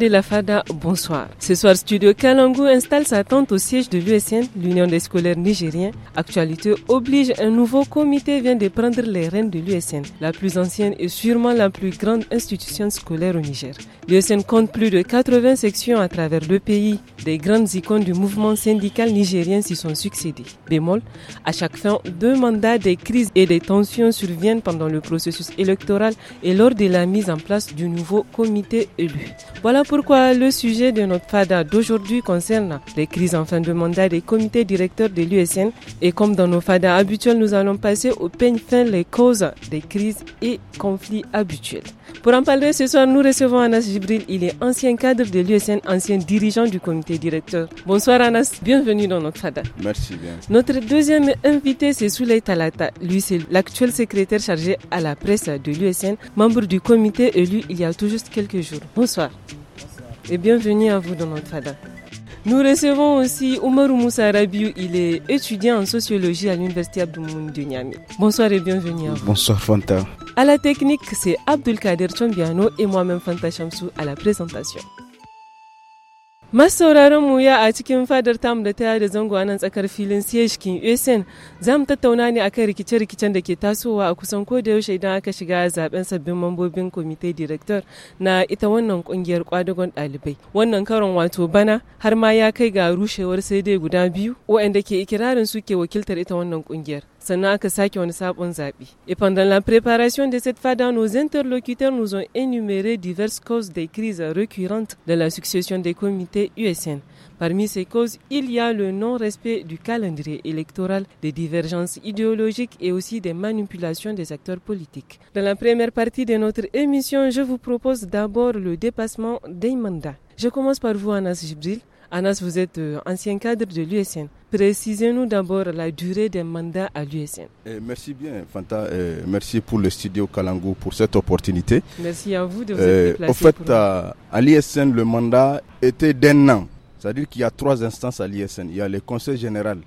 de la FADA, bonsoir. Ce soir, Studio Kalangu installe sa tente au siège de l'USN, l'Union des scolaires nigériens. Actualité oblige, un nouveau comité vient de prendre les rênes de l'USN, la plus ancienne et sûrement la plus grande institution scolaire au Niger. L'USN compte plus de 80 sections à travers le pays. Des grandes icônes du mouvement syndical nigérien s'y sont succédées. Bémol, à chaque fin, deux mandats des crises et des tensions surviennent pendant le processus électoral et lors de la mise en place du nouveau comité élu. Voilà pourquoi le sujet de notre FADA d'aujourd'hui concerne les crises en fin de mandat des comités directeurs de l'USN. Et comme dans nos FADA habituels, nous allons passer au peigne fin les causes des crises et conflits habituels. Pour en parler ce soir, nous recevons Anas Gibril. Il est ancien cadre de l'USN, ancien dirigeant du comité directeur. Bonsoir Anas, bienvenue dans notre FADA. Merci bien. Notre deuxième invité, c'est Souley Talata. Lui, c'est l'actuel secrétaire chargé à la presse de l'USN, membre du comité élu il y a tout juste quelques jours. Bonsoir et bienvenue à vous dans notre fada. Nous recevons aussi Omar Moussa Rabiou, il est étudiant en sociologie à l'Université Abdoumoun de Niamey. Bonsoir et bienvenue à vous. Bonsoir Fanta. À la technique, c'est Abdulkader Kader Chambiano et moi-même Fanta Chamsou à la présentation. masauraran mu ya a cikin fadar tamu da ta da zango a nan tsakar filin siyashkin esen za mu tattauna ne akan rikice-rikicen da ke tasowa a kusan ko da yaushe idan aka shiga zaben sabbin mambobin komite director na ita wannan kungiyar kwadagon ɗalibai wannan karon wato bana har ma ya kai ga rushewar sai dai guda biyu waɗanda ke ikirarin suke wakiltar ita wannan kungiyar Ce n'est ça ça qu'on sait, sabon Zabi. Et pendant la préparation de cette fada, nos interlocuteurs nous ont énuméré diverses causes des crises récurrentes de la succession des comités USN. Parmi ces causes, il y a le non-respect du calendrier électoral, des divergences idéologiques et aussi des manipulations des acteurs politiques. Dans la première partie de notre émission, je vous propose d'abord le dépassement des mandats. Je commence par vous, Anas Jibril. Anas, vous êtes euh, ancien cadre de l'USN. Précisez-nous d'abord la durée des mandats à l'USN. Eh, merci bien, Fanta. Eh, merci pour le studio Kalangou pour cette opportunité. Merci à vous de vous eh, être déplacé. Au fait, à l'USN, le mandat était d'un an. C'est-à-dire qu'il y a trois instances à l'ISN. Il y a le Conseil général.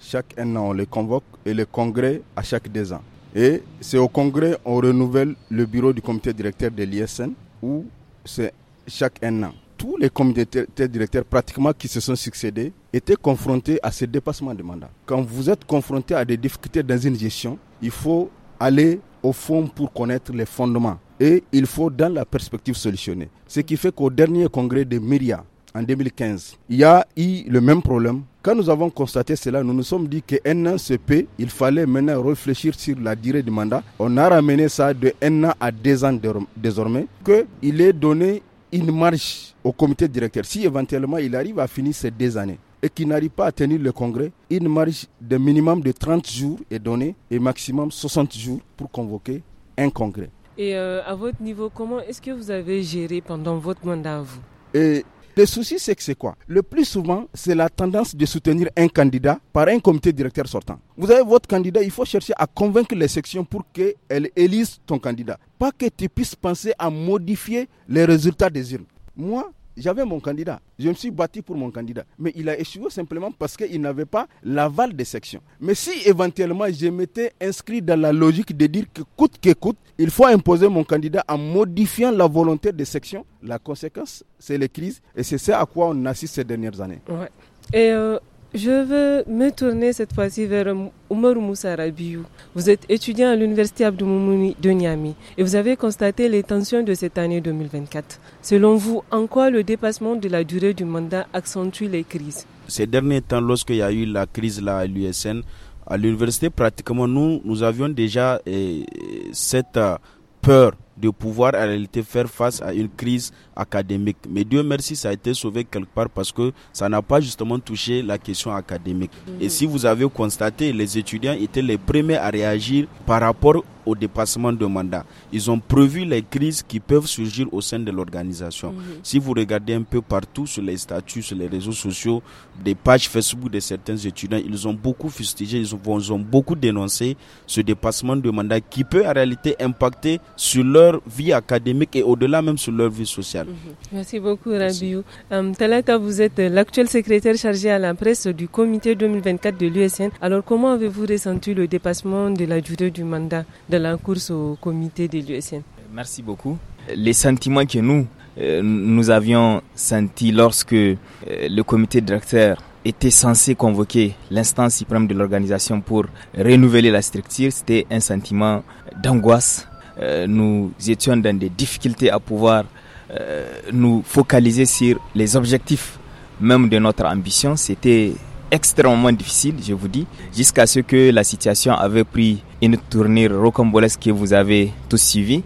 Chaque un an, on les convoque et le Congrès à chaque deux ans. Et c'est au Congrès on renouvelle le bureau du comité directeur de l'ISN où c'est chaque un an tous les comités directeurs pratiquement qui se sont succédés étaient confrontés à ce dépassement de mandat. Quand vous êtes confronté à des difficultés dans une gestion, il faut aller au fond pour connaître les fondements et il faut dans la perspective solutionner. Ce qui fait qu'au dernier congrès de Myria en 2015, il y a eu le même problème. Quand nous avons constaté cela, nous nous sommes dit qu'un an se il fallait maintenant réfléchir sur la durée du mandat. On a ramené ça de un an à deux ans désormais, qu'il est donné une marche au comité directeur, si éventuellement il arrive à finir ces deux années et qu'il n'arrive pas à tenir le congrès, une marche de minimum de 30 jours et donné et maximum 60 jours pour convoquer un congrès. Et euh, à votre niveau, comment est-ce que vous avez géré pendant votre mandat à vous le souci, c'est que c'est quoi Le plus souvent, c'est la tendance de soutenir un candidat par un comité directeur sortant. Vous avez votre candidat, il faut chercher à convaincre les sections pour qu'elles élisent ton candidat. Pas que tu puisses penser à modifier les résultats des urnes. Moi, j'avais mon candidat. Je me suis battu pour mon candidat. Mais il a échoué simplement parce qu'il n'avait pas l'aval des sections. Mais si éventuellement je m'étais inscrit dans la logique de dire que coûte que coûte, il faut imposer mon candidat en modifiant la volonté des sections, la conséquence, c'est les crises. Et c'est ça à quoi on assiste ces dernières années. Et euh, je veux me tourner cette fois-ci vers Omar Moussa Vous êtes étudiant à l'université Moumouni de Niamey et vous avez constaté les tensions de cette année 2024. Selon vous, en quoi le dépassement de la durée du mandat accentue les crises Ces derniers temps, lorsqu'il y a eu la crise à l'USN, à l'université, pratiquement nous, nous avions déjà eh, cette euh, peur de pouvoir en réalité faire face à une crise académique. Mais Dieu merci, ça a été sauvé quelque part parce que ça n'a pas justement touché la question académique. Et mhm. si vous avez constaté, les étudiants étaient les premiers à réagir par rapport au dépassement de mandat. Ils ont prévu les crises qui peuvent surgir au sein de l'organisation. Mhm. Si vous regardez un peu partout sur les statuts, sur les réseaux sociaux, des pages Facebook de certains étudiants, ils ont beaucoup fustigé, ils ont, ils ont beaucoup dénoncé ce dépassement de mandat qui peut en réalité impacter sur leur vie académique et au-delà même sur leur vie sociale. Mhm. Merci beaucoup Rabiou. Euh, Talata, vous êtes l'actuel secrétaire chargé à la presse du comité 2024 de l'USN. Alors comment avez-vous ressenti le dépassement de la durée du mandat de la course au comité de l'USN Merci beaucoup. Les sentiments que nous, euh, nous avions sentis lorsque euh, le comité directeur était censé convoquer l'instance suprême de l'organisation pour renouveler la structure, c'était un sentiment d'angoisse, euh, nous étions dans des difficultés à pouvoir euh, nous focaliser sur les objectifs même de notre ambition. C'était extrêmement difficile, je vous dis, jusqu'à ce que la situation avait pris une tournure rocambolesque que vous avez tous suivi.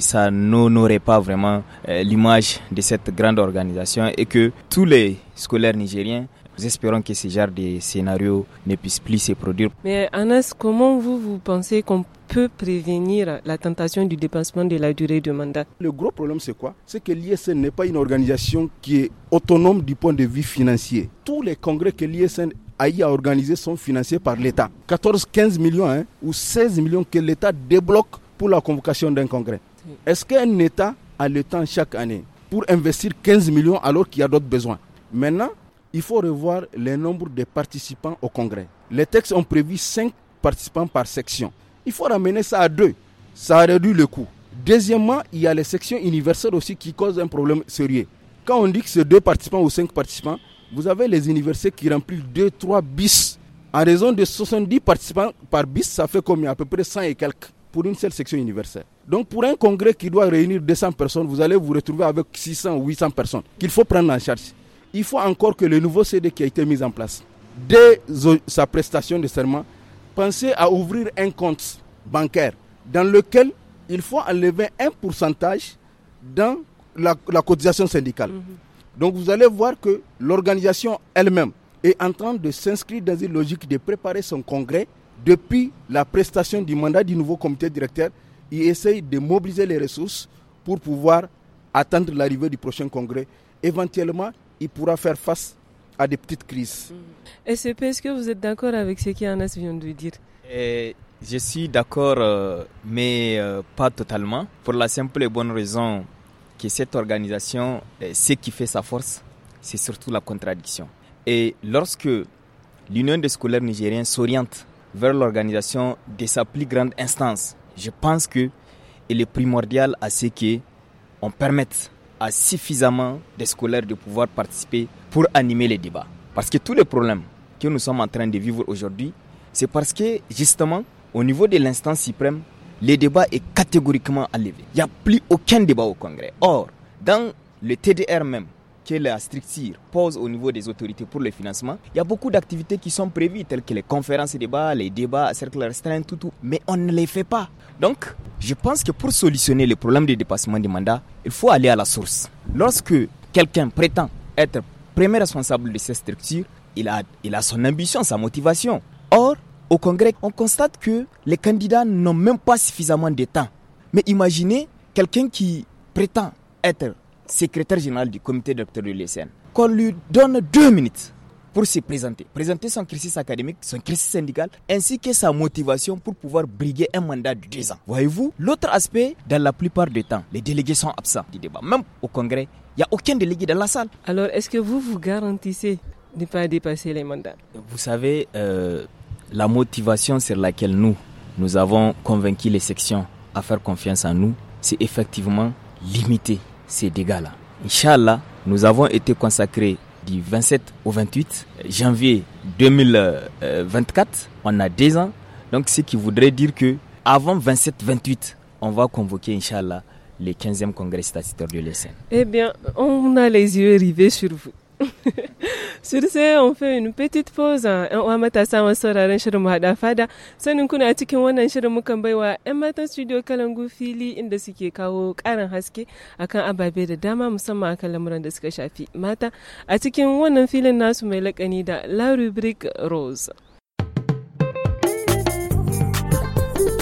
ça n'honorait pas vraiment euh, l'image de cette grande organisation et que tous les scolaires nigériens espérons que ce genre de scénario ne puisse plus se produire. Mais Anas, comment vous, vous pensez qu'on peut prévenir la tentation du dépassement de la durée de mandat Le gros problème, c'est quoi C'est que l'ISN n'est pas une organisation qui est autonome du point de vue financier. Tous les congrès que l'ISN a organiser sont financés par l'État. 14, 15 millions hein, ou 16 millions que l'État débloque pour la convocation d'un congrès. Est-ce qu'un État a le temps chaque année pour investir 15 millions alors qu'il y a d'autres besoins Maintenant, il faut revoir le nombre de participants au congrès. Les textes ont prévu 5 participants par section. Il faut ramener ça à 2. Ça réduit le coût. Deuxièmement, il y a les sections universelles aussi qui causent un problème sérieux. Quand on dit que c'est 2 participants ou 5 participants, vous avez les universités qui remplissent 2-3 bis. En raison de 70 participants par bis, ça fait combien À peu près 100 et quelques pour une seule section universelle. Donc pour un congrès qui doit réunir 200 personnes, vous allez vous retrouver avec 600 ou 800 personnes qu'il faut prendre en charge il faut encore que le nouveau CD qui a été mis en place, dès sa prestation de serment, pensez à ouvrir un compte bancaire dans lequel il faut enlever un pourcentage dans la, cotisation syndicale. Mhm. Donc vous allez voir que l'organisation elle-même est en train de s'inscrire dans une logique de préparer son congrès depuis la prestation du mandat du nouveau comité directeur. Il essaye de mobiliser les ressources pour pouvoir attendre l'arrivée du prochain congrès. Éventuellement, il pourra faire face à des petites crises. Et mm-hmm. est parce que vous êtes d'accord avec ce qu'Anas vient de dire eh, Je suis d'accord, euh, mais euh, pas totalement, pour la simple et bonne raison que cette organisation, ce qui fait sa force, c'est surtout la contradiction. Et lorsque l'Union des scolaires nigériens s'oriente vers l'organisation de sa plus grande instance, je pense que il est primordial à ce qu'on permette suffisamment de scolaires de pouvoir participer pour animer les débats. Parce que tous les problèmes que nous sommes en train de vivre aujourd'hui, c'est parce que justement, au niveau de l'instance suprême, le débat est catégoriquement enlevé. Il n'y a plus aucun débat au Congrès. Or, dans le TDR même, que la structure pose au niveau des autorités pour le financement, il y a beaucoup d'activités qui sont prévues, telles que les conférences et débats, les débats à cercle restreint, tout, tout, mais on ne les fait pas. Donc, je pense que pour solutionner le problème du dépassement des mandats, il faut aller à la source. Lorsque quelqu'un prétend être premier responsable de cette structure, il a, il a son ambition, sa motivation. Or, au Congrès, on constate que les candidats n'ont même pas suffisamment de temps. Mais imaginez quelqu'un qui prétend être secrétaire général du comité docteur de l'ESN, qu'on lui donne deux minutes pour se présenter, présenter son crisis académique, son crisis syndicale, ainsi que sa motivation pour pouvoir briguer un mandat de deux ans. Voyez-vous, l'autre aspect, dans la plupart des temps, les délégués sont absents du débat. Même au Congrès, il n'y a aucun délégué dans la salle. Alors, est-ce que vous vous garantissez de ne pas dépasser les mandats Vous savez, euh, la motivation sur laquelle nous, nous avons convaincu les sections à faire confiance en nous, c'est effectivement limité ces dégâts-là. Inch'Allah, nous avons été consacrés du 27 au 28 janvier 2024. On a deux ans. Donc, ce qui voudrait dire que avant 27-28, on va convoquer, Inch'Allah, le 15e congrès statutaire de l'ESN. Eh bien, on a les yeux rivés sur vous. Sur ce, on fait une petite pause. ‘Yan uwa matasa masu sauraron shirin hada fada. Sanin kuna cikin wannan shirin mukan baiwa ‘yan matan studio Kalangu fili inda suke kawo ƙarin haske akan ababe da dama musamman akan lamuran da suka shafi mata a cikin wannan filin nasu mai lakani da La Rubrique Rose.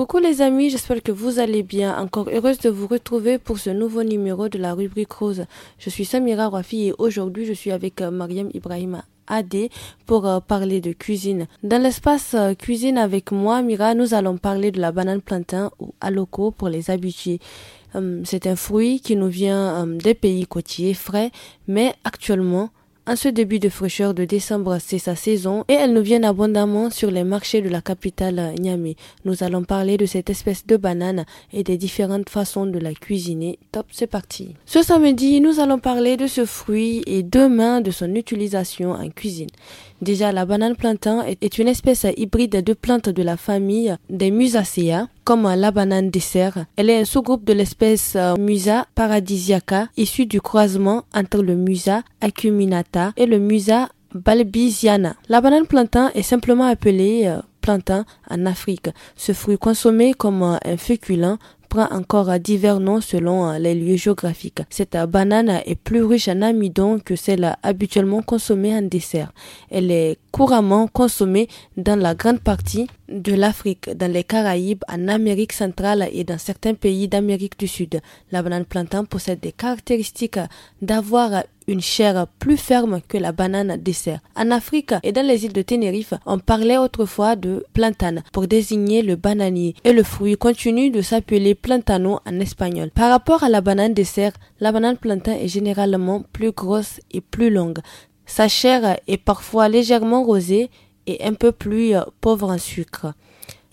Coucou les amis, j'espère que vous allez bien. Encore heureuse de vous retrouver pour ce nouveau numéro de la rubrique rose. Je suis Samira Rafi et aujourd'hui je suis avec euh, Mariam Ibrahim AD pour euh, parler de cuisine. Dans l'espace euh, cuisine avec moi, Mira, nous allons parler de la banane plantain ou aloco pour les habitués. C'est un fruit qui nous vient des pays côtiers frais, mais actuellement, en ce début de fraîcheur de décembre, c'est sa saison et elles nous viennent abondamment sur les marchés de la capitale Niamey. Nous allons parler de cette espèce de banane et des différentes façons de la cuisiner. Top, c'est parti. Ce samedi, nous allons parler de ce fruit et demain de son utilisation en cuisine. Déjà, la banane plantain est une espèce hybride de plantes de la famille des Musaceae comme la banane dessert. Elle est un sous-groupe de l'espèce euh, Musa paradisiaca, issue du croisement entre le Musa acuminata et le Musa balbisiana. La banane plantain est simplement appelée euh, plantain en Afrique. Ce fruit consommé comme euh, un féculent prend encore divers noms selon les lieux géographiques. Cette banane est plus riche en amidon que celle habituellement consommée en dessert. Elle est couramment consommée dans la grande partie de l'Afrique, dans les Caraïbes, en Amérique centrale et dans certains pays d'Amérique du Sud. La banane plantain possède des caractéristiques d'avoir une chair plus ferme que la banane dessert. En Afrique et dans les îles de Tenerife, on parlait autrefois de plantain pour désigner le bananier et le fruit continue de s'appeler plantano en espagnol. Par rapport à la banane dessert, la banane plantain est généralement plus grosse et plus longue. Sa chair est parfois légèrement rosée et un peu plus euh, pauvre en sucre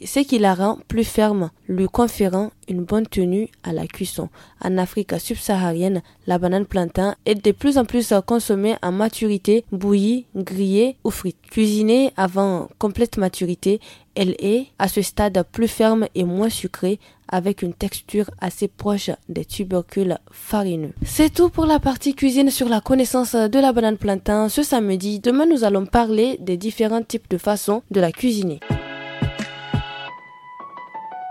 ce qui la rend plus ferme, lui conférant une bonne tenue à la cuisson. En Afrique subsaharienne, la banane plantain est de plus en plus consommée en maturité, bouillie, grillée ou frite. Cuisinée avant complète maturité, elle est à ce stade plus ferme et moins sucrée avec une texture assez proche des tubercules farineux. C'est tout pour la partie cuisine sur la connaissance de la banane plantain ce samedi. Demain, nous allons parler des différents types de façons de la cuisiner.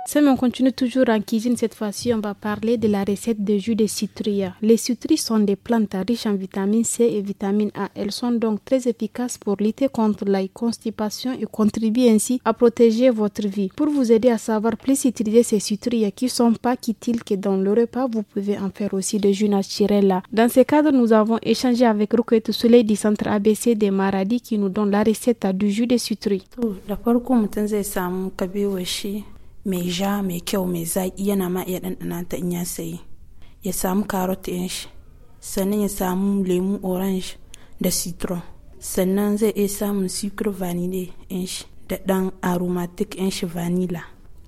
Sam, on continue toujours en cuisine. Cette fois-ci, on va parler de la recette de jus de citrouille. Les citrouilles sont des plantes riches en vitamine C et vitamine A. Elles sont donc très efficaces pour lutter contre la constipation et contribuent ainsi à protéger votre vie. Pour vous aider à savoir plus utiliser ces citrouilles qui sont pas quittiles que dans le repas, vous pouvez en faire aussi de jus naturel. Dans ce cadre, nous avons échangé avec Roquette Soleil du centre ABC des maladies qui nous donne la recette du jus de citrouille. mai ja mai kyau mai zaƙi yana ma iya ɗanɗana ta in ya sayi ya samu carrot ɗin shi sannan ya samu lemu orange da citron sannan zai iya samun sucre vanille ɗin shi da ɗan aromatic ɗin shi vanilla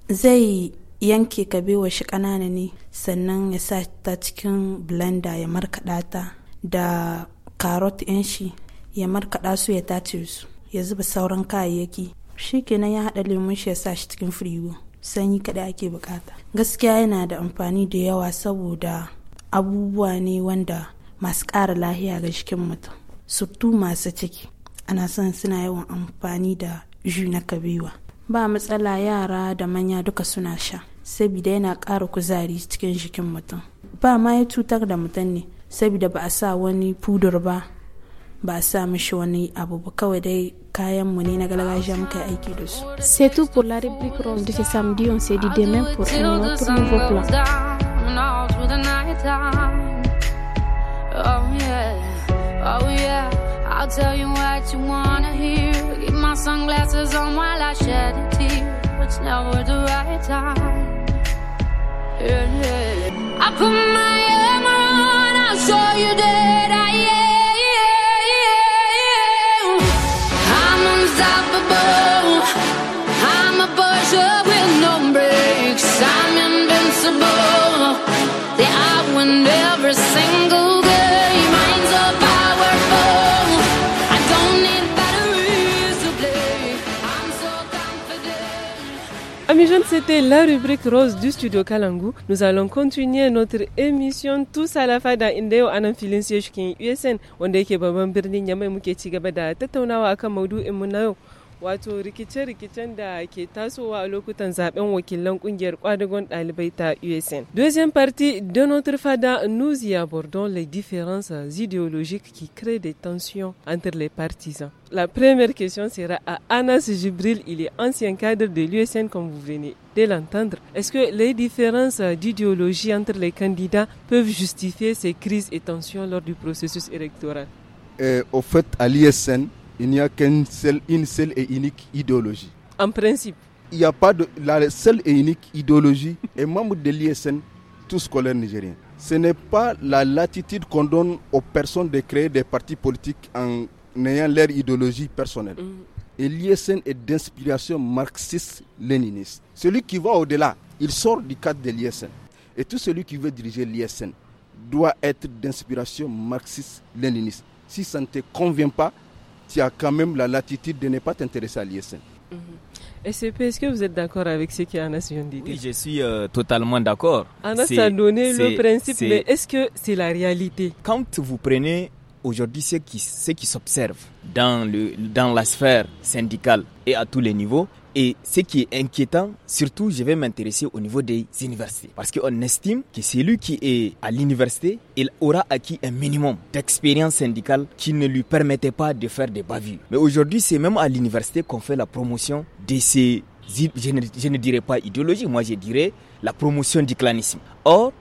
zai yanke kabewa shi ƙanana ne sannan ya sa ta cikin blender ya markaɗa ta da carrot ɗin shi ya markaɗa su ya tace su ya zuba sauran kayayyaki shi kenan ya haɗa lemun shi ya sa shi cikin firigo sanyi kaɗai ake bukata gaskiya yana da amfani da yawa saboda abubuwa ne wanda masu ƙara lahiya ga jikin mutum surtu masu ciki ana son suna yawan amfani da ju na kabewa ba matsala yara da manya duka suna sha saboda yana ƙara kuzari cikin jikin mutum ba ma ya cutar da mutum ne saboda ba a sa wani fudur ba ba sa mishi wani abu ba kawai dai kayan mu ne na gargajiya muka aiki da su. C'est tout pour la rubrique rose de ce samedi on se dit demain pour un autre nouveau plat. Oh yeah, oh yeah, I'll tell you what you wanna hear. Keep my sunglasses on while I shed a tear. It's never the right time. Yeah, yeah. I put my armor on, I'll show you that. c'était la rubrique rose du studio Kalangu. Nous allons continuer notre émission tous à la fada indéo en un filin USN wanda yake babban birnin Yamai muke ci da tattaunawa akan mu na deuxième partie de notre fada nous y abordons les différences idéologiques qui créent des tensions entre les partisans la première question sera à Anas Jibril, il est ancien cadre de l'USN comme vous venez de l'entendre. Est-ce que les différences d'idéologie entre les candidats peuvent justifier ces crises et tensions lors du processus électoral Au fait, à l'USN, il n'y a qu'une seule, une seule et unique idéologie. En principe. Il n'y a pas de. La seule et unique idéologie est membre de l'ISN, tout scolaire nigérien. Ce n'est pas la latitude qu'on donne aux personnes de créer des partis politiques en ayant leur idéologie personnelle. Mm. Et l'ISN est d'inspiration marxiste-léniniste. Celui qui va au-delà, il sort du cadre de l'ISN. Et tout celui qui veut diriger l'ISN doit être d'inspiration marxiste-léniniste. Si ça ne te convient pas, tu as quand même la latitude de ne pas t'intéresser à l'ISN. Mhm. SCP, est-ce que vous êtes d'accord avec ce qu'Anas vient de dire Oui, je suis euh, totalement d'accord. Anas a donné le principe, mais est-ce que c'est la réalité Quand vous prenez aujourd'hui ce qui, ce qui s'observe dans, le, dans la sphère syndicale et à tous les niveaux, et ce qui est inquiétant, surtout, je vais m'intéresser au niveau des universités. Parce qu'on estime que celui qui est à l'université, il aura acquis un minimum d'expérience syndicale qui ne lui permettait pas de faire des bavures. Mais aujourd'hui, c'est même à l'université qu'on fait la promotion de ces, je ne, je ne dirais pas idéologie, moi je dirais la promotion du clanisme. Or,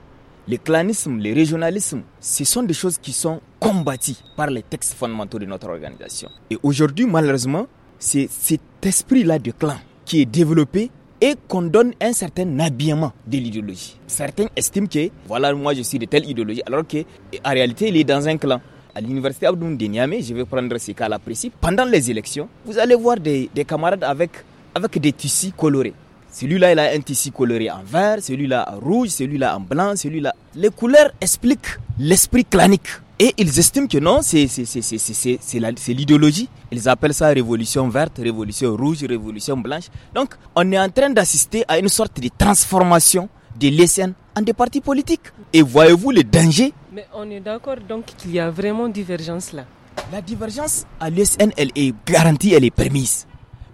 le clanisme, le régionalisme, ce sont des choses qui sont combattues par les textes fondamentaux de notre organisation. Et aujourd'hui, malheureusement, c'est cet esprit-là de clan qui est développé et qu'on donne un certain habillement de l'idéologie. Certains estiment que, voilà, moi je suis de telle idéologie, alors qu'en réalité, il est dans un clan. À l'université Abdoun de je vais prendre ces cas-là précis, pendant les élections, vous allez voir des, camarades avec, avec des tissus colorés. Celui-là, il a un tissu coloré en vert, celui-là en rouge, celui-là en blanc, celui-là. Les couleurs expliquent l'esprit clanique. Et ils estiment que non, c'est l'idéologie. Ils appellent ça révolution verte, révolution rouge, révolution blanche. Donc, on est en train d'assister à une sorte de transformation de l'ESN en des partis politiques. Et voyez-vous le danger Mais on est d'accord donc qu'il y a vraiment divergence là. La divergence à l'ESN, elle est garantie, elle est permise.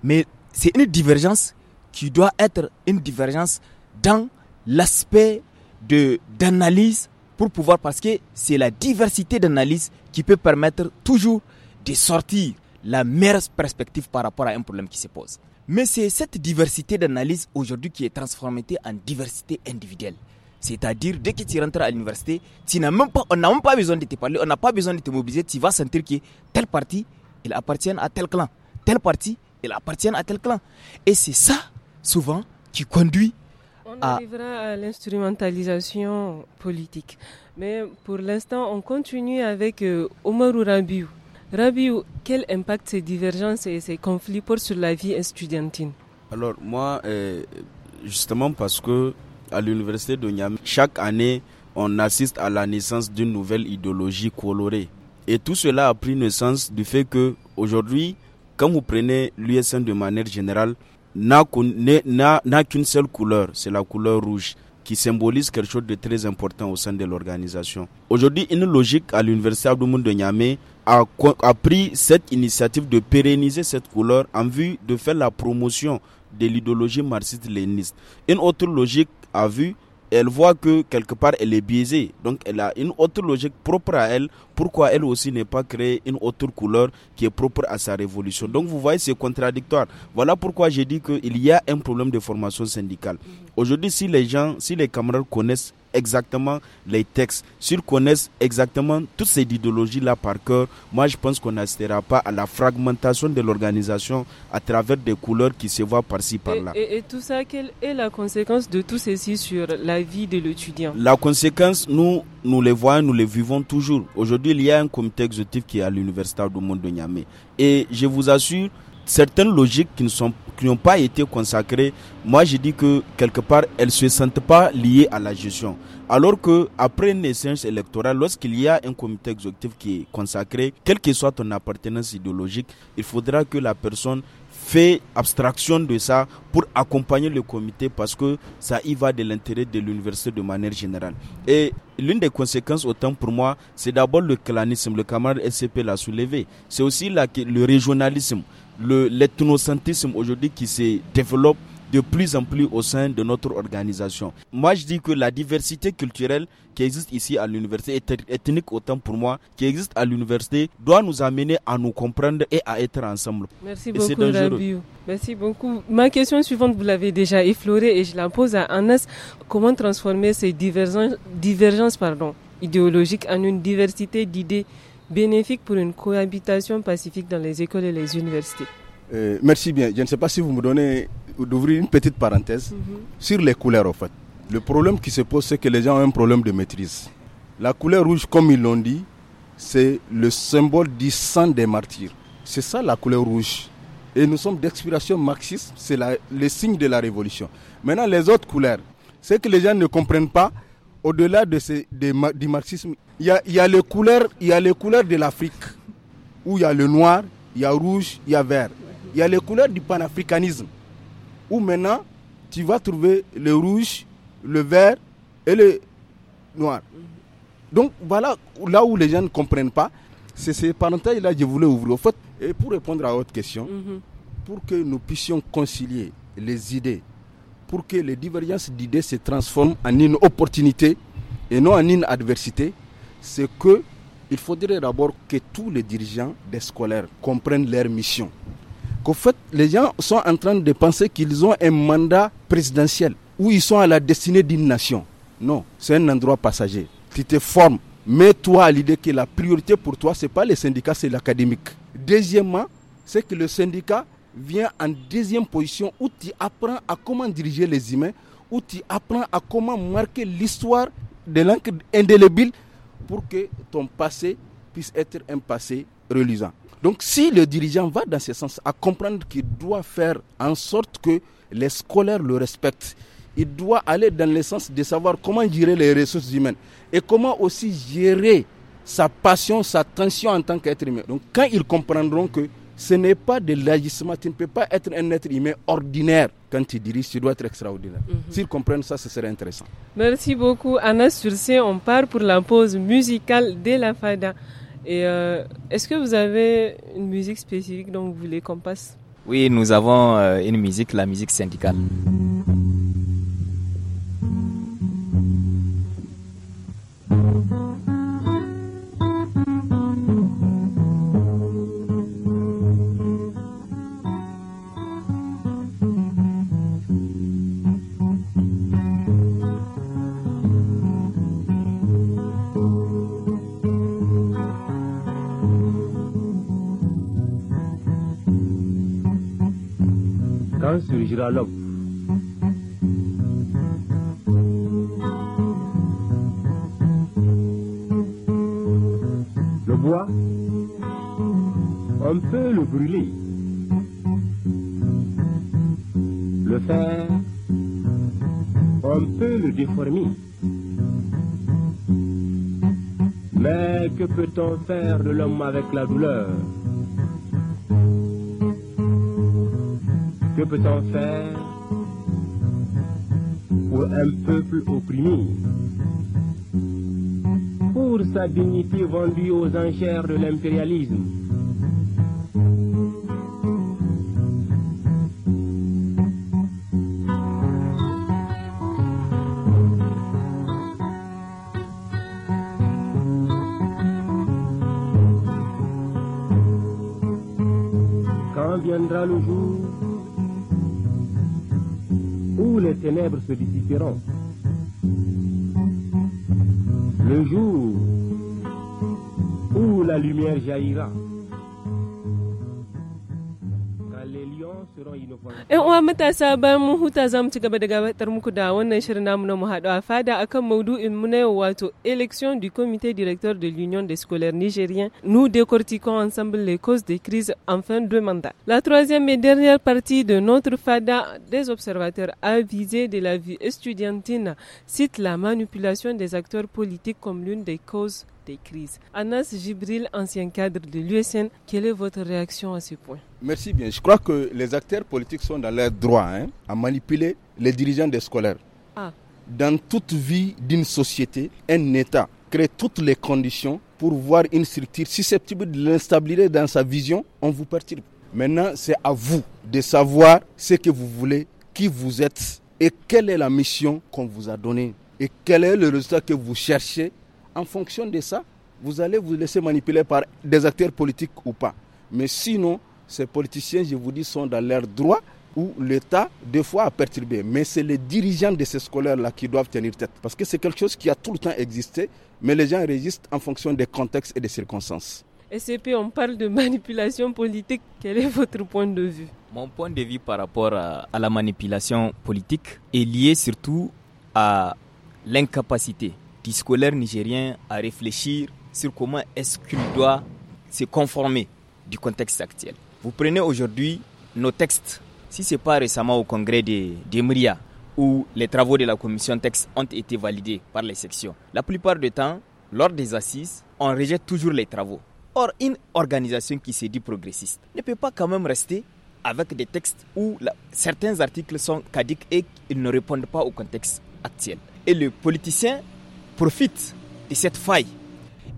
Mais c'est une divergence qui doit être une divergence dans l'aspect de d'analyse pour pouvoir parce que c'est la diversité d'analyse qui peut permettre toujours de sortir la meilleure perspective par rapport à un problème qui se pose. Mais c'est cette diversité d'analyse aujourd'hui qui est transformée en diversité individuelle. C'est-à-dire, dès que tu rentres à l'université, tu n'as même pas, on n'a même pas besoin de te parler, on n'a pas besoin de te mobiliser, tu vas sentir que telle partie, elle appartient à tel clan, telle partie, elle appartient à tel clan. Et c'est ça souvent qui conduit on à... arrivera à l'instrumentalisation politique. Mais pour l'instant, on continue avec euh, Omar Rabiou. Rabiou, quel impact ces divergences et ces conflits portent sur la vie estudiantine Alors moi, euh, justement parce que à l'université de Niamey, chaque année, on assiste à la naissance d'une nouvelle idéologie colorée. Et tout cela a pris naissance du fait que aujourd'hui, quand vous prenez l'USN de manière générale, n'a qu'une seule couleur, c'est la couleur rouge qui symbolise quelque chose de très important au sein de l'organisation. Aujourd'hui, une logique à l'Université Abdoumoun de Niamey a, a, pris cette initiative de pérenniser cette couleur en vue de faire la promotion de l'idéologie marxiste léniste Une autre logique a vu elle voit que quelque part elle est biaisée. Donc elle a une autre logique propre à elle. Pourquoi elle aussi n'est pas créée une autre couleur qui est propre à sa révolution Donc vous voyez, c'est contradictoire. Voilà pourquoi j'ai dit qu'il y a un problème de formation syndicale. Aujourd'hui, si les gens, si les camarades connaissent exactement les textes, s'ils connaissent exactement toutes ces idéologies-là par cœur, moi je pense qu'on n'assistera pas à la fragmentation de l'organisation à travers des couleurs qui se voient par-ci, par-là. Et, tout ça, quelle est la conséquence de tout ceci sur la vie de l'étudiant La conséquence, nous, nous les voyons, nous les vivons toujours. Aujourd'hui, il y a un comité exécutif qui est à l'université du monde de Niamey. Et je vous assure, certaines logiques qui ne sont qui n'ont pas été consacrées, moi je dis que quelque part elles se sentent pas liées à la gestion. Alors que après une séance électorale, lorsqu'il y a un comité exécutif qui est consacré, quelle que soit ton appartenance idéologique, il faudra que la personne fait abstraction de ça pour accompagner le comité parce que ça y va de l'intérêt de l'université de manière générale. Et l'une des conséquences, autant pour moi, c'est d'abord le clanisme. Le camarade SCP l'a soulevé. C'est aussi la, le régionalisme l'ethnocentrisme aujourd'hui qui se développe de plus en plus au sein de notre organisation. Moi, je dis que la diversité culturelle qui existe ici à l'université, ethnique autant pour moi, qui existe à l'université, doit nous amener à nous comprendre et à être ensemble. Merci beaucoup beaucoup, Rabiou. Merci beaucoup. Ma question suivante, vous l'avez déjà effleurée et je la pose à Anas. Comment transformer ces divergences, divergences pardon, idéologiques en une diversité d'idées bénéfique pour une cohabitation pacifique dans les écoles et les universités. Euh, merci bien. Je ne sais pas si vous me donnez d'ouvrir une petite parenthèse mhm. sur les couleurs en fait. Le problème qui se pose, c'est que les gens ont un problème de maîtrise. La couleur rouge, comme ils l'ont dit, c'est le symbole du sang des martyrs. C'est ça la couleur rouge. Et nous sommes d'expiration marxiste, c'est le signe de la révolution. Maintenant, les autres couleurs, c'est que les gens ne comprennent pas, au-delà de ces, du marxisme, il y a, les couleurs, il y a les couleurs de l'Afrique, où il y a le noir, il y a rouge, il y a vert. Il y a les couleurs du panafricanisme, où maintenant, tu vas trouver le rouge, le vert et le noir. Donc voilà là où les gens ne comprennent pas. C'est ces parenthèses-là que je voulais ouvrir. Au fait, et pour répondre à votre question, mm-hmm. pour que nous puissions concilier les idées pour que les divergences d'idées se transforment en une opportunité et non en une adversité, c'est que il faudrait d'abord que tous les dirigeants des scolaires comprennent leur mission. Qu'au fait, les gens sont en train de penser qu'ils ont un mandat présidentiel où ils sont à la destinée d'une nation. Non, c'est un endroit passager. Tu te formes, mets-toi à l'idée que la priorité pour toi, ce n'est pas les syndicats, c'est l'académique. Deuxièmement, c'est que le syndicat vient en deuxième position où tu apprends à comment diriger les humains, où tu apprends à comment marquer l'histoire de l'encre indélébile pour que ton passé puisse être un passé reluisant. Donc si le dirigeant va dans ce sens, à comprendre qu'il doit faire en sorte que les scolaires le respectent, il doit aller dans le sens de savoir comment gérer les ressources humaines et comment aussi gérer sa passion, sa tension en tant qu'être humain. Donc quand ils comprendront que ce n'est pas de l'agissement. Tu ne peux pas être un être humain ordinaire quand tu diriges, tu dois être extraordinaire. Mhm. S'ils comprennent ça, ce serait intéressant. Merci beaucoup. Anna Sursé, on part pour la pause musicale de la FADA. Et euh, est-ce que vous avez une musique spécifique dont vous voulez qu'on passe Oui, nous avons euh, une musique, la musique syndicale. Le bois, on peut le brûler, le fer, on peut le déformer. Mais que peut-on faire de l'homme avec la douleur Que peut-on faire pour un peuple opprimé Pour sa dignité vendue aux enchères de l'impérialisme se dissiperont. Le jour où la lumière jaillira. 'Yan uwa matasa bayan mun huta za mu ci gaba da gabatar muku da wannan shirin namu na mu haɗu a fada akan maudu'in mu na wato election du comité directeur de l'Union des scolaires nigériens. Nous décortiquons ensemble les causes des crises en fin de mandat. La troisième et dernière partie de notre fada des observateurs avisés de la vie estudiantine cite la manipulation des acteurs politiques comme l'une des causes des crises. Anas Gibril, ancien cadre de l'USN, quelle est votre réaction à ce point Merci bien. Je crois que les acteurs politiques sont dans leur droit hein, à manipuler les dirigeants des scolaires. Ah. Dans toute vie d'une société, un État crée toutes les conditions pour voir une structure susceptible de l'instabiliser dans sa vision, on vous perturbe. Maintenant, c'est à vous de savoir ce que vous voulez, qui vous êtes et quelle est la mission qu'on vous a donnée et quel est le résultat que vous cherchez en fonction de ça, vous allez vous laisser manipuler par des acteurs politiques ou pas. Mais sinon, ces politiciens, je vous dis, sont dans leur droit où l'État, des fois, a perturbé. Mais c'est les dirigeants de ces scolaires-là qui doivent tenir tête. Parce que c'est quelque chose qui a tout le temps existé, mais les gens résistent en fonction des contextes et des circonstances. SCP, on parle de manipulation politique. Quel est votre point de vue Mon point de vue par rapport à la manipulation politique est lié surtout à l'incapacité du scolaire nigérien à réfléchir sur comment est-ce qu'il doit se conformer du contexte actuel. Vous prenez aujourd'hui nos textes, si ce n'est pas récemment au congrès des, de où les travaux de la commission texte ont été validés par les sections. La plupart du temps, lors des assises, on rejette toujours les travaux. Or, une organisation qui se dit progressiste ne peut pas quand même rester avec des textes où certains articles sont cadiques et ils ne répondent pas au contexte actuel. Et le politicien profite de cette faille.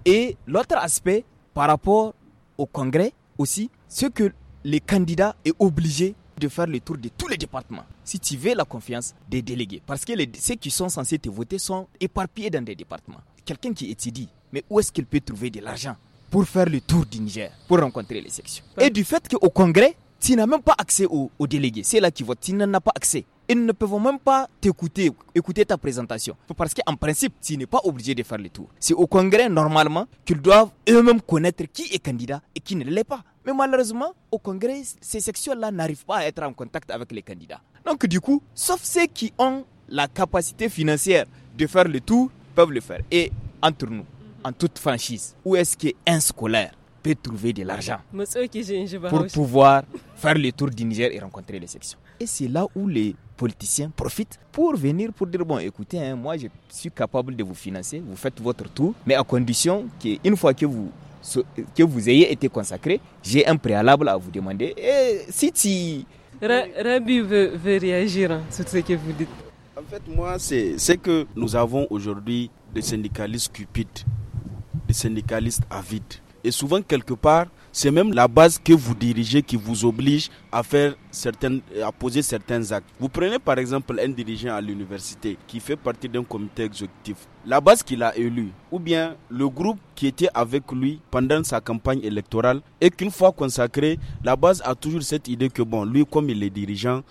Et l'autre aspect par rapport au Congrès aussi, c'est que les candidats est obligé de faire le tour de tous les départements si tu veux la confiance des délégués. Parce que ceux qui sont censés te voter sont éparpillés dans des départements. Quelqu'un qui étudie, mais où est-ce qu'il peut trouver de l'argent pour faire le tour du pour rencontrer les sections Et du fait qu'au Congrès, tu n'as même pas accès aux, délégués. C'est là qui votent, tu n'en as pas accès ils ne peuvent même pas t'écouter, écouter ta présentation. Parce qu'en principe, tu n'es pas obligé de faire le tour. C'est au Congrès, normalement, qu'ils doivent eux-mêmes connaître qui est candidat et qui ne l'est pas. Mais malheureusement, au Congrès, ces sections-là n'arrivent pas à être en contact avec les candidats. Donc du coup, sauf ceux qui ont la capacité financière de faire le tour, peuvent le faire. Et entre nous, en toute franchise, où est-ce qu'un scolaire peut trouver de l'argent pour pouvoir faire le tour du Niger et rencontrer les sections et c'est là où les politiciens profitent pour venir pour dire bon écoutez hein, moi je suis capable de vous financer vous faites votre tour mais à condition qu'une fois que vous que vous ayez été consacré j'ai un préalable à vous demander et si tu Rabi veut, réagir hein, sur ce que vous dites en fait moi c'est que nous avons aujourd'hui des syndicalistes cupides des syndicalistes avides et souvent, quelque part, c'est même la base que vous dirigez qui vous oblige à faire certaines, à poser certains actes. Vous prenez par exemple un dirigeant à l'université qui fait partie d'un comité exécutif. La base qu'il a élue, ou bien le groupe qui était avec lui pendant sa campagne électorale, et qu'une fois consacré, la base a toujours cette idée que bon, lui comme il est dirigeant,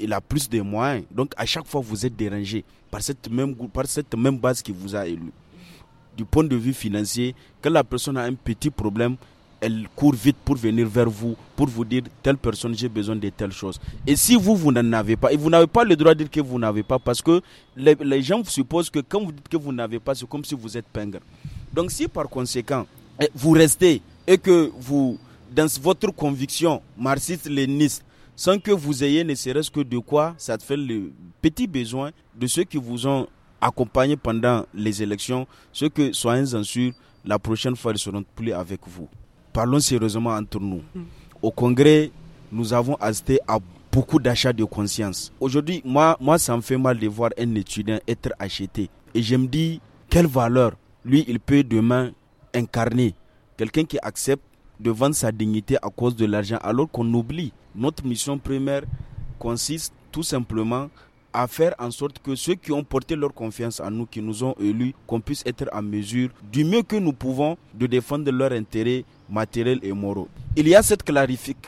il a plus de moyens. Donc à chaque fois vous êtes dérangé par cette même, par cette même base qui vous a élu du point de vue financier, quand la personne a un petit problème, elle court vite pour venir vers vous, pour vous dire, telle personne, j'ai besoin de telle chose. Et si vous, vous n'en avez pas, et vous n'avez pas le droit de dire que vous n'avez pas, parce que les, gens supposent que quand vous dites que vous n'avez pas, c'est comme si vous êtes pingre. Donc si par conséquent, eh, vous restez et que vous, dans votre conviction marxiste léniste, sans que vous ayez ne serait-ce que de quoi ça fait le petit besoin de ceux qui vous ont accompagner pendant les élections, ce que soyez-en sûrs, la prochaine fois, ils seront plus avec vous. Parlons sérieusement entre nous. Mm. Au Congrès, nous avons assisté à beaucoup d'achats de conscience. Aujourd'hui, moi, moi, ça me fait mal de voir un étudiant être acheté. Et je me dis, quelle valeur lui, il peut demain incarner. Quelqu'un qui accepte de vendre sa dignité à cause de l'argent, alors qu'on oublie. Notre mission primaire consiste tout simplement à faire en sorte que ceux qui ont porté leur confiance en nous, qui nous ont élus, qu'on puisse être en mesure, du mieux que nous pouvons, de défendre leurs intérêts matériels et moraux. Il y a cette,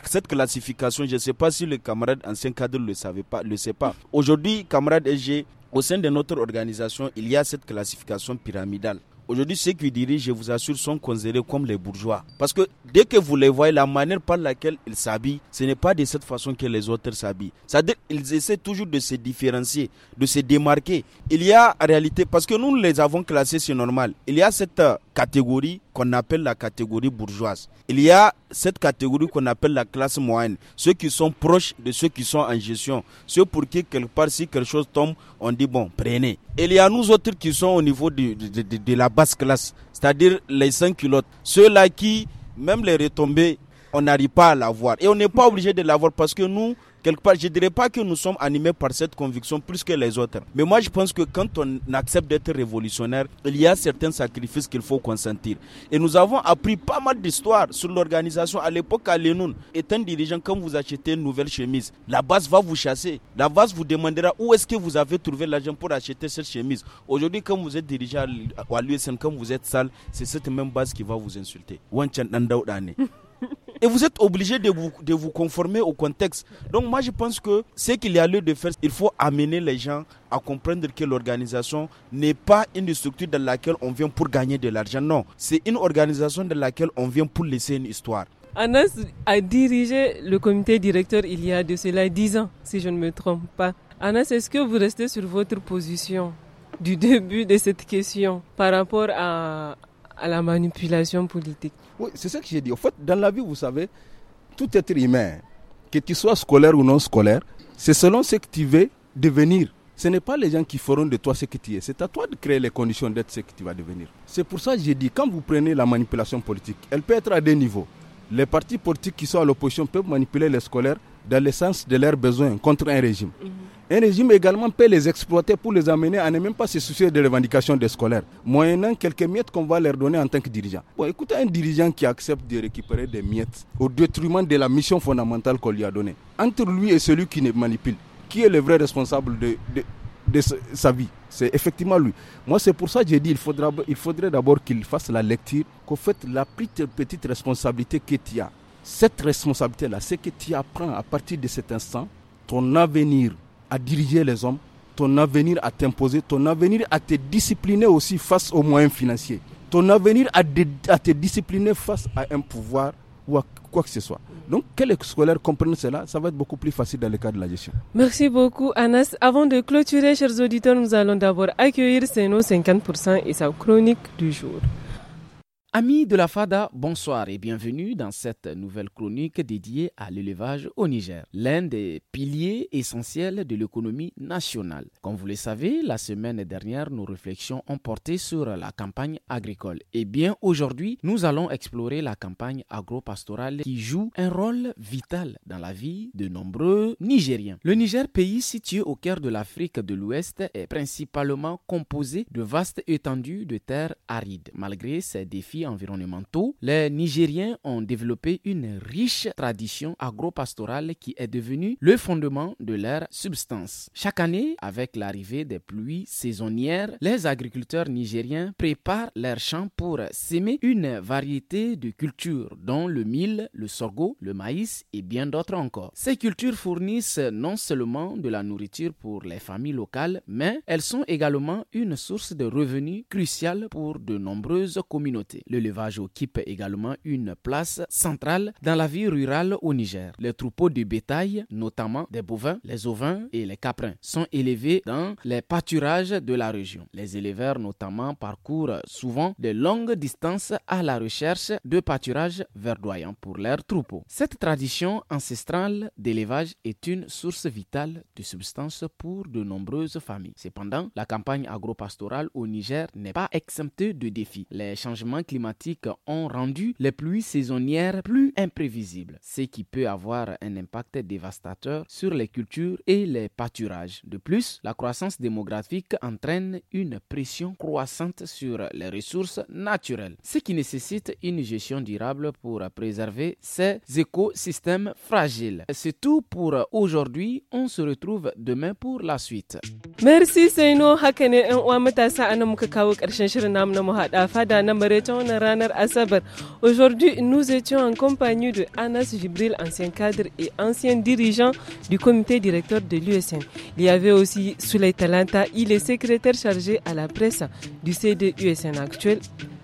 cette classification, je ne sais pas si le camarade ancien cadre ne le, savait pas, le sait pas. Aujourd'hui, camarade EG, au sein de notre organisation, il y a cette classification pyramidale. Aujourd'hui, ceux qui dirigent, je vous assure, sont considérés comme les bourgeois. Parce que dès que vous les voyez, la manière par laquelle ils s'habillent, ce n'est pas de cette façon que les autres s'habillent. C'est-à-dire qu'ils essaient toujours de se différencier, de se démarquer. Il y a en réalité, parce que nous les avons classés, c'est normal. Il y a cette euh, catégorie qu'on appelle la catégorie bourgeoise. Il y a cette catégorie qu'on appelle la classe moyenne, ceux qui sont proches de ceux qui sont en gestion, ceux pour qui quelque part si quelque chose tombe, on dit bon, prenez. Et il y a nous autres qui sont au niveau de, de, la basse classe, c'est-à-dire les cinq culottes, ceux-là qui, même les retombées, on n'arrive pas à l'avoir. Et on n'est pas obligé de l'avoir parce que nous, Quelque part, je ne dirais pas que nous sommes animés par cette conviction plus que les autres. Mais moi, je pense que quand on accepte d'être révolutionnaire, il y a certains sacrifices qu'il faut consentir. Et nous avons appris pas mal d'histoires sur l'organisation. À l'époque, à est un dirigeant, quand vous achetez une nouvelle chemise, la base va vous chasser. La base vous demandera où est-ce que vous avez trouvé l'argent pour acheter cette chemise. Aujourd'hui, quand vous êtes dirigeant à l'USN, quand vous êtes sale, c'est cette même base qui va vous insulter. Et vous êtes obligé de vous, conformer au contexte. Donc moi, je pense que ce qu'il y a lieu de faire, il faut amener les gens à comprendre que l'organisation n'est pas une structure dans laquelle on vient pour gagner de l'argent. Non, c'est une organisation dans laquelle on vient pour laisser une histoire. Anas a dirigé le comité directeur il y a de cela dix ans, si je ne me trompe pas. Anas, est-ce que vous restez sur votre position du début de cette question par rapport à la manipulation politique oui, c'est ce que j'ai dit. En fait, dans la vie, vous savez, tout être humain, que tu sois scolaire ou non scolaire, c'est selon ce que tu veux devenir. Ce n'est pas les gens qui feront de toi ce que tu es. C'est à toi de créer les conditions d'être ce que tu vas devenir. C'est pour ça que j'ai dit, quand vous prenez la manipulation politique, elle peut être à deux niveaux. Les partis politiques qui sont à l'opposition peuvent manipuler les scolaires dans le sens de leurs besoins contre un régime. Mhm. Un régime également peut les exploiter pour les amener à ne même pas se soucier des revendications des scolaires, moyennant quelques miettes qu'on va leur donner en tant que dirigeant. Bon, écoutez, un dirigeant qui accepte de récupérer des miettes au détriment de la mission fondamentale qu'on lui a donnée, entre lui et celui qui ne manipule, qui est le vrai responsable de, de sa vie. C'est effectivement lui. Moi, c'est pour ça que j'ai dit il, faudra, il faudrait d'abord qu'il fasse la lecture, qu'au fait, la petite, petite responsabilité qu'il y a cette responsabilité-là, c'est que tu apprends à partir de cet instant ton avenir à diriger les hommes, ton avenir à t'imposer, ton avenir à te discipliner aussi face aux moyens financiers, ton avenir à, te discipliner face à un pouvoir ou à quoi que ce soit. Donc, que les scolaires comprennent cela, ça va être beaucoup plus facile dans le cadre de la gestion. Merci beaucoup, Anas. Avant de clôturer, chers auditeurs, nous allons d'abord accueillir nos 50% et sa chronique du jour. Amis de la FADA, bonsoir et bienvenue dans cette nouvelle chronique dédiée à l'élevage au Niger, l'un des piliers essentiels de l'économie nationale. Comme vous le savez, la semaine dernière, nos réflexions ont porté sur la campagne agricole. Et eh bien aujourd'hui, nous allons explorer la campagne agro-pastorale qui joue un rôle vital dans la vie de nombreux Nigériens. Le Niger, pays situé au cœur de l'Afrique de l'Ouest, est principalement composé de vastes étendues de terres arides. Malgré ses défis environnementaux, les Nigériens ont développé une riche tradition agro-pastorale qui est devenue le fondement de leur substance. Chaque année, avec l'arrivée des pluies saisonnières, les agriculteurs nigériens préparent leurs champs pour s'aimer une variété de cultures, dont le mil, le sorgho, le maïs et bien d'autres encore. Ces cultures fournissent non seulement de la nourriture pour les familles locales, mais elles sont également une source de revenus cruciale pour de nombreuses communautés. L'élevage occupe également une place centrale dans la vie rurale au Niger. Les troupeaux de bétail, notamment des bovins, les ovins et les caprins, sont élevés dans les pâturages de la région. Les éleveurs notamment parcourent souvent de longues distances à la recherche de pâturages verdoyants pour leurs troupeaux. Cette tradition ancestrale d'élevage est une source vitale de substances pour de nombreuses familles. Cependant, la campagne agropastorale au Niger n'est pas exemptée de défis. Les changements climatiques ont rendu les pluies saisonnières plus imprévisibles, ce qui peut avoir un impact dévastateur sur les cultures et les pâturages. De plus, la croissance démographique entraîne une pression croissante sur les ressources naturelles, ce qui nécessite une gestion durable pour préserver ces écosystèmes fragiles. C'est tout pour aujourd'hui. On se retrouve demain pour la suite. Merci Ranar Aujourd'hui, nous étions en compagnie de Anas Gibril, ancien cadre et ancien dirigeant du comité directeur de l'USN. Il y avait aussi Souley Talanta, il est secrétaire chargé à la presse du CD USN actuel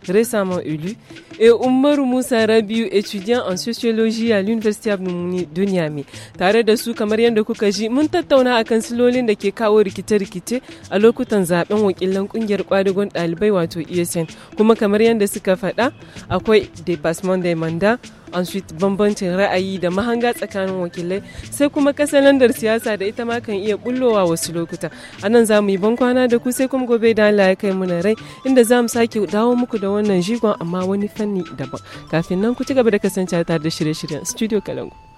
récemment élu, et Umar Moussa Rabiu, étudiant en sociologie à l'Université Abdoumouni de Niamey. Tare da su kamar yadda kuka ji mun tattauna akan silolin da ke kawo rikice-rikice a lokutan zaben wakilan kungiyar kwadagon ɗalibai wato ESN kuma kamar yadda suka faɗa akwai dépassement des mandats su bambancin ra'ayi da mahanga tsakanin wakilai sai kuma kasalandar siyasa da ita ma kan iya bullowa wasu lokuta a nan za mu yi bankwana da ku sai kuma gobe da Allah ya kai mu rai inda za mu sake dawo muku da wannan jigon amma wani fanni daban kafin nan ku ci gaba da kasancewa tare da shirye-shiryen studio kalangu